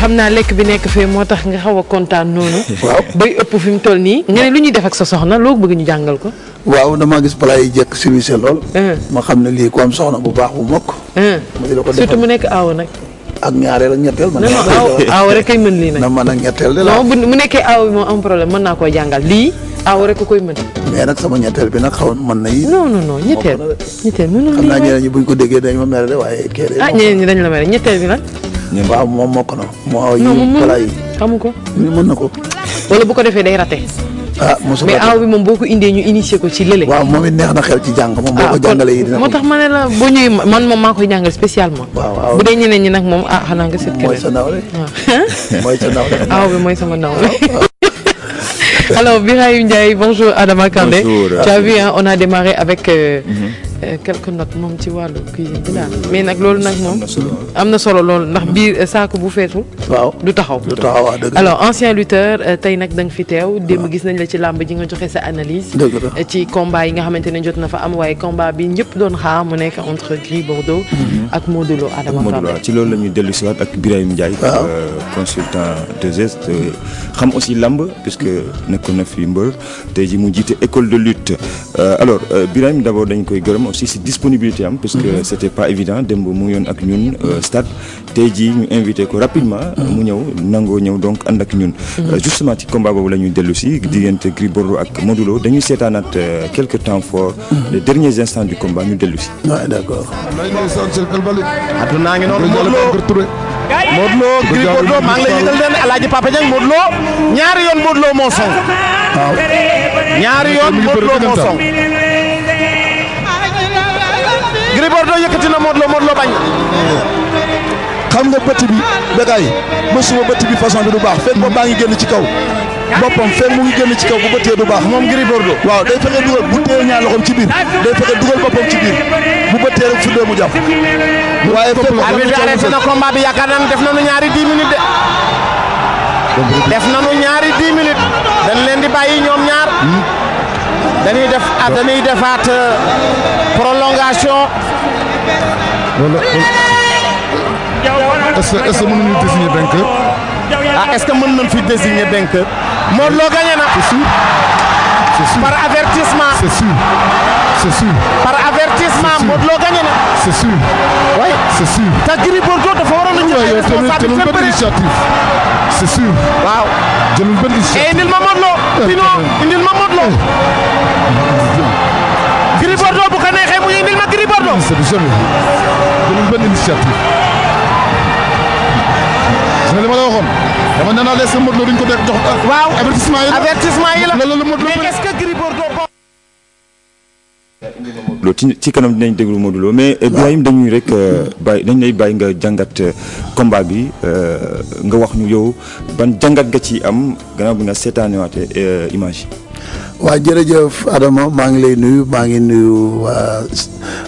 xam naa lekk bi nekk fee moo tax nga xaw a kontaan noonu. waaw bay ëpp fi mu toll nii. nga ne lu ñuy def ak sa soxna loo bëgg ñu jàngal ko. waaw damaa gis plat yi jekk service lool. ma xam ne lii ku am bu baax bu mokk. ma ko defal surtout nekk aaw nag. ak ñaareel ak ñetteel man. aaw aaw rek kay mën lii nag. na man ak ñetteel de la. non bu nekkee aaw bi mën naa koo jàngal lii aaw rek ku koy mën. sama ñetteel bi nag xaw ma mën na yi. non non non ñetteel ñetteel mënul lii xam naa ko déggee dañ ma mere de waaye. ah ñeneen ñi dañ la mere ñetteel bi nag waaw moom moo ko na moo yi pala yi xamu ko mën na ko bu ko defee day raté ah mosul mais aw bi moom boo ko indee ñu initié ko ci lële waaw moom it neex na xel ci jàng moom boo ah, ko jàngalee moo tax ma ne la boo ñëwee man moom maa koy jàngal spécialement waaw dee ñeneen ñi nag moom ah xanaa nga seet keneen mooy sa nawle ah. mooy sa nawle aw bi mooy sama nawle alors Birahim Ndiaye bonjour Adama Kandé bonjour tu as vu hein, on a démarré avec euh, mm -hmm. Euh, quelques notes moom ci wàllu cuisine bi daal mais nag loolu nag moom am na solo loolu ndax biir euh, saako bu feetu waaw du taxaw du taxaw waaw dëgg ancien lutteur euh, tey nag da fi teew démb gis nañ la ci làmb ji nga joxe sa analyse ci combat yi nga xamante ne jot na fa am waaye combat bi ñëpp doon xaar mu nekk entre Gris Bordeaux mhm. ak Modou Lo Adama Modou Lo ci loolu la ñuy dellu si waat ak Birahim Ndiaye consultant de geste xam aussi lamb puisque nekkoon na fi mbër te ji mu jiite école de lutte euh, alors euh, Birame d'abord dañ koy gërëm aussi si disponibilité am puisque mhm. c'était pas évident démb mu ngi yoon ak ñun euh, mhm. stade tey ji ñu invité ko rapidement mhm. mu ñëw nangoo ñëw donc and ak ñun justement ci combat boobu la ñuy dellu si diggante Gris Bordeaux ak modulo Lo seetaan at quelques temps forts les derniers instants du combat ñu dellu si waaw Modou Lo Gris Bordeaux maa ngi lay yëgal leen Alaaji Papa ñaari yoon Modou Lo moo song waaw ñaari yoon Modou moo song Gris yëkkati na Modou Lo Modou Lo bañ xam nga bëtt bi bégaay mësuma bëtt bi façon bi du baax fekk ba baa ngi génn ci kaw boppam fenn mu ngi génn ci kaw bu bëttee du baax moom Gris Bordeaux waaw day fexe dugal bu téye ñaar loxoom ci biir day fexe dugal boppam ci biir bu bëttee rek su dee mu jàpp waaye fépp arbitre bi arrêté na combat bi yaakaar naa def nañu ñaari 10 minutes de def nañu ñaari 10 minutes dañ leen di bàyyi ñoom ñaar dañuy def dañuy defaat euh, prolongation est-ce que ah, est-ce que mën nañu désigner que mën nañ fi désigner vainqueur Modou Lo par avertissement. c'est sûr c'est sûr. par avertissement Modou Lo gagné na. c'est sûr Bordeaux dafa waroon a jël responsabilité jëlul benn initiative. c'est sûr. waaw jëlul benn initiative. indil ma Modou Lo. sinon indil ma Modou Lo. Gris Bordeaux bu ko neexee muy indil ma Gris Bordeaux. c'est du dama ci kanam dinañ déglu Modou mais eh, Birahim dañuy rek euh, bàyyi dañ lay bàyyi nga jàngat euh, combat bi euh, nga wax ñu yow ban jàngat nga ci am gannaaw bi nga seetaanewaate image yi. waaw jërëjëf maa ngi lay nuyu maa ngi nuyu waa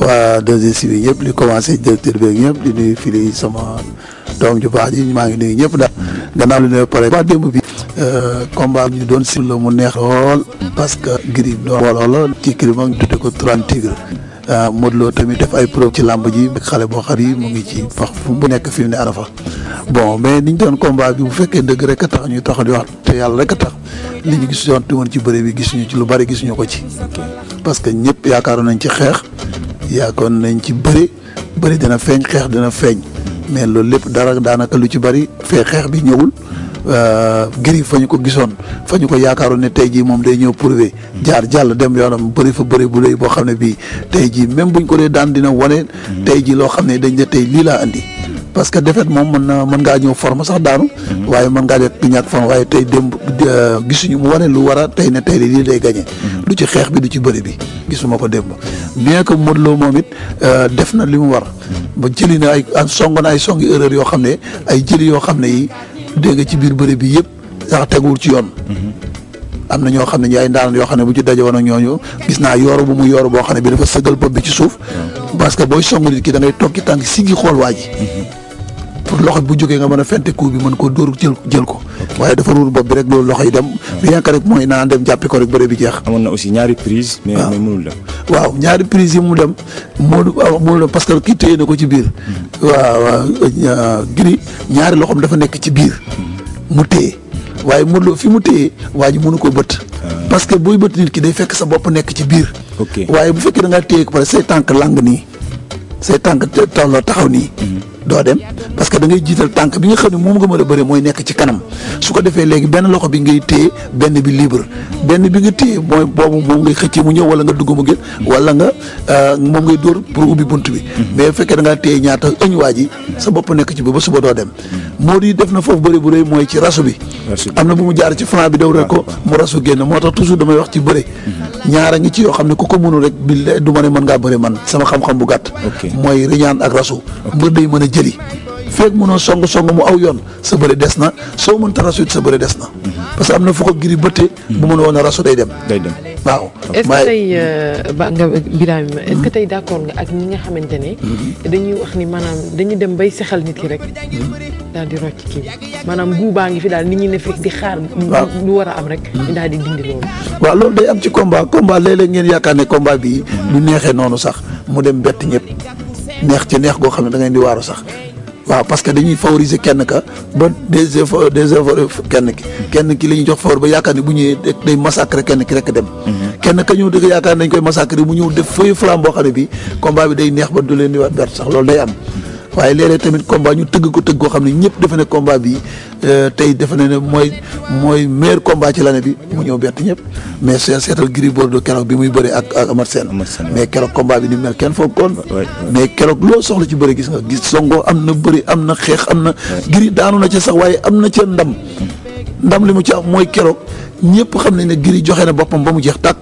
waa 2STV ñëpp li commencé directeur beeg ñëpp di nuyu fii sama. doom ju baax ji maa ngi nuyu ñëpp daal gannaaw li ne pare ba démb bi euh, combat ñu doon si mu neex lool parce que Gris doon booloo ci Gris mag tudde ko Trente Tigres euh, Modou tamit def ay preuve ci làmb ji xale boo xar yi mu ngi ci fax bu nekk fi mu ne ana bon mais niñ doon combat bi bu fekkee dëgg rek a tax ñu tax di wax te yàlla rek tax li ñu gis woon ci bëre bi gisuñu ci lu bari gisuñu ko ci parce que ñëpp yaakaaroon nañ ci xeex yaakaaroon nañ ci bëri bëri dina feeñ xeex dina feeñ mais loolu lépp dara daanaka lu ci bari fee xeex bi ñëwul euh, giri fa ñu ko gisoon fa ñu ko yaakaaroon ne tey jii moom day ñëw prouver jaar jàll dem yoonam bëri fa bëri bu léegi boo xam ne bii tey jii même ñu ko dee daan dina wane. Hmm. tey ji loo xam ne dañ ne tey lii laa andi. parce que défaite moom mën na mën ngaa ñëw forme sax daanu. Mhm. waaye mën ngaa def ñàkk forme waaye tey démb euh, gisuñu mu wane lu war a tey na tey lii day gagné. Mhm. du ci xeex bi du ci bëri bi gisuma ko démb bien que Modou loo moom it euh, def na li mu war mhm. ba jëli na ay song na ay songi erreur yoo xam ne ay jëli yoo xam ne yi dégg nga ci biir bëri bi yëpp sax teguwul ci yoon. am na ñoo xam ne ñu ay ndaanaan yoo xam ne bu ci daje woon ak ñooñu gis naa yooru bu mu yooru boo xam ne bi dafa sëgal bopp bi ci suuf parce que booy song nit ki da toog ci tànk si gi xool waa loxo bu jógee nga mën a fente coup bi mën koo dóor jël ko waaye dafa ruur bopp bi rek loolu loxo yi dem rien que rek mooy naan dem jàppi ko rek bëre bi jeex amoon na aussi ñaari prise mais mais mënul dem waaw ñaari prise yi mu dem moo mënul parce que kii téye na ko ci biir mm-hmm. waaw giri ñaari loxoom dafa nekk ci biir mm-hmm. mu téye waaye Modou Lo fi mu téye waa ji mënu ko bëtt ah. parce que booy bët nit ki day fekk sa bopp nekk ci biir waaye bu fekkee da ngaa téye ko pare say tànk lang nii say tànk tolloo taxaw nii mm-hmm. doo dem parce que dangay jiital tànk bi nga xam ne moom nga mën a bëre mooy nekk ci kanam su ko defee léegi benn loxo bi ngay téye benn bi libre benn bi nga téye mooy boobu moom ngay xëccee mu ñëw wala nga dugg mu génn wala nga euh, moom ngay dóor pour ubbi bunt bi mhm. mais fekkee da ngaa ñaata ëñ waa ji sa bopp nekk ci bi ba suba doo dem mhm. moo di def na foofu bëri bu rëy mooy ci rasu bi am na bu mu jaar ci franc bi daw rek ko mu rasu génn moo tax toujours damay wax ci bëre mhm. ñaara ngi ci yoo xam ne ku ko mënul rek bi du ma ne mën ngaa bëre man sama xam-xam bu gàtt mooy riñaan ak rasu mbër day mën a jëli feeg mënoo song song mu aw yoon sa bëri des na soo mënta rasu it sa bëri des na. Mhm. parce que am na fu ko giri bëtte. Mhm. bu mën woon a rasu day dem. day dem waaw. est ce que euh, ba nga mhm. tey d' accord ak ñi nga xamante ne. dañuy wax ni maanaam dañuy dem bay sexal nit ki rek. daal di rocc kii maanaam baa ngi fi daal nit ñi ne fekk di xaar. waaw lu war a am rek. daal di dindi loolu. waaw loolu day am ci combat combat léeg-léeg ngeen yaakaar ne kombaa bii. du neexee noonu sax mu dem bett ñëpp neex ci neex goo xam ne da ngeen di waaru sax waaw parce que dañuy favoriser kenn ka ba des efforts des kenn ki kenn ki la ñuy jox favor ba yaakaar ne bu ñëwee day massacrer kenn ki rek dem mhm. kenn ka ñëw dëgg yaakaar nañ koy massacrer mu ñëw def feuille flamme boo xam ne bi combat bi day neex ba du leen di wat sax loolu day am waaye léeg tamit combat ñu tëgg ko tëgg koo xam ne ñëpp defe ne combat bi euh, tey defe ne ne mooy mooy meilleur combat ci l'année bi mu ñëw bett ñëpp mais see seetal Gris Bordeaux keroog bi muy bëri ak ak Amar Sène mais keroog combat bi ni mel kenn foog koon mais keroog loo soxla ci bëri gis nga gis songoo am na bëri am na xeex am na Gris daanu na ca sax waaye am na ca ndam mm. ndam li mu ci am mooy keroog ñëpp xam nañ ne Gris joxe na boppam ba mu jeex tàkk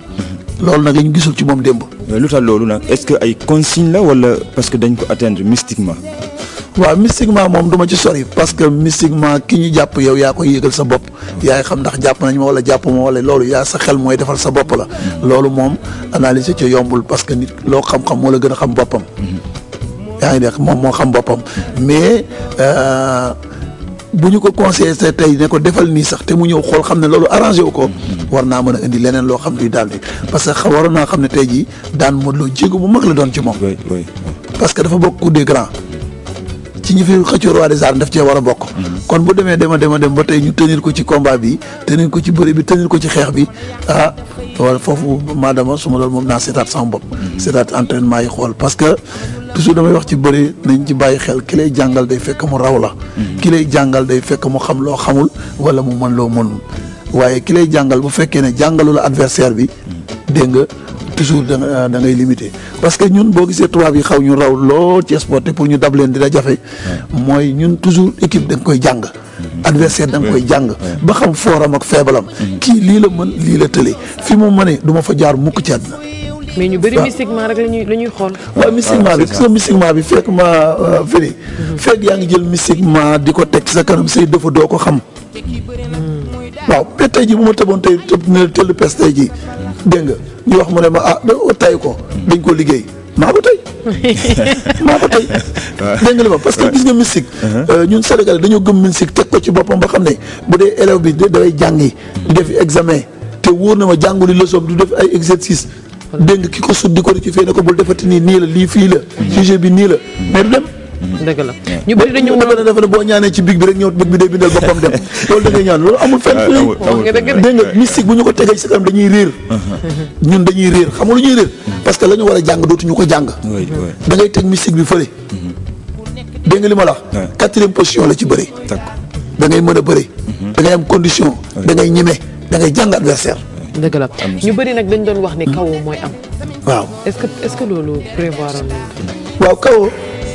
loolu nag la ñu gisul ci moom démb. lu tax loolu nag est-ce que ay consigne la wala parce que dañ ko atteindre mystiquement. waaw mystiquement moom du ci sori parce que mystiquement ki ñu jàpp yow yaa koy yëgal sa bopp yaay xam ndax jàpp nañ ma wala jàpp ma wala loolu yaa sa xel mooy defal sa bopp la hmm. loolu moom analyser ci yombul parce que nit loo xam-xam moo la gën a xam boppam hmm. yaa ngi nekk moom moo xam boppam mais euh, bu ñu ko conseillé sa tey ne ko defal nii sax te mu ñëw xool xam ne loolu arrangé wu ko war naa mën a indi leneen loo xam luy daal di parce que waroon naa xam ne tey jii daan Modou Lo jéego mag la doon ci moom. parce que dafa bokk coup des grands ci ñi fi xëccoo roi des arènes daf cee war a bokk. Mm-hmm. kon bu demee dema dema dem ba tey ñu tenir ko ci combat bi tenir ko ci bëri bi tenir ko ci xeex bi ah wala foofu maadama su ma loolu moom naa seetaat sama bopp. Mm-hmm. seetaat entraînement yi xool parce que. toujours damay wax ci bëri nañ ci bàyyi xel ki lay jàngal day fekk mu raw la. Mhm. ki lay jàngal day fekk mu xam loo xamul wala mu mën loo mënul. waaye ki lay jàngal bu fekkee ne jàngalu la adversaire bi. Mhm. dégg nga toujours da euh, da ngay parce que ñun boo gisee tubaab yi xaw ñu raw lool ci sport pour ñu dab leen dina jafe. mooy ñun toujours équipe da koy jàng. Mhm. adversaire da nga koy jàng ba xam fooram ak feebalam. kii lii la mën lii la tële fi mu mënee du ma fa jaar mukk ci mais ñu bëri mystiquement rek la ñuy la ñuy xool. waaw mystiquement bi ah, gis nga bi fekk ma euh, firi. Mhm. fekk yaa ngi jël mystiquement di ko teg ci sa kanam say dafa doo ko xam. Hmm. waaw mais tey jii bu ma tëboon tey tëb ne tëll pes tey jii dégg nga ñu wax mu ne ma ah tay ko dañ ko liggéey maa ko tey maa ko tey dégg li ma parce que gis nga mystique uh-huh. euh, ñun Sénégal dañoo gëm mystique teg ko ci boppam ba xam ne bu dee élève bi dafay jàngi di def examen te wóor na ma jànguli leçon du def ay exercice dégg nga ki ko sut di ko rectifier ne ko nii la lii fii la sujet bi nii la mais dem ñu bëri dañu dafa ne dafa ne boo ñaanee ci big bi rek ñëw big bi day bindal boppam dem loolu da ñaan loolu amul fenn dégg nga mystique bu ñu ko tegee ci sa kanam dañuy réer uh-huh. ñun dañuy réer xam nga lu ñuy réer mm-hmm. parce que la ñu war a jàng dootuñu ko jàng da ngay teg mystique bi fële mm-hmm. dégg nga li ma la wax quatrième position la ci bëri da ngay mën a bëri mm-hmm. da ngay am condition da ngay ñeme da ngay jàng adversaire dëgg la ñu bëri nag dañ doon wax ni kawoo mooy am. waaw est-ce que ce que loolu prévoir nañ waaw kawoo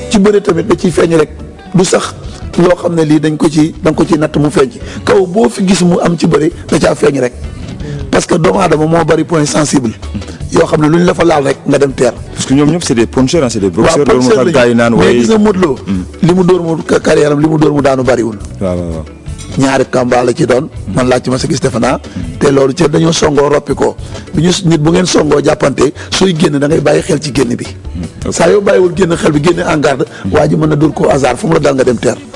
ci bëri tamit da ciy feeñ rek du sax loo xam ne lii dañ ko ci da ko ci natt mu feeñ ci kaw boo fi gis mu am ci bëri da caa feeñ rek hmm. parce que doomu aadama moo bëri point sensible yoo xam ne lu ñu la fa laal rek nga dem teer. parce que ñoom ñëpp c'est des puncheurs ah c'est des boxeurs. waaw puncheurs lañu mais hmm. li mu dóor mu carrière am li mu dóor mu daanu bëriwul. waaw ñaari combat la ci doon man laaj ci ma sa gis defe naa te loolu ci dañoo songoo roppi ko bi ñu nit bu ngeen songoo jàppante suy génn da bàyyi xel ci génn bi hmm. saa yoo wul génn xel bi génn en garde hmm. waa ji mën na dóor ko hasard fu mu la dal nga dem teer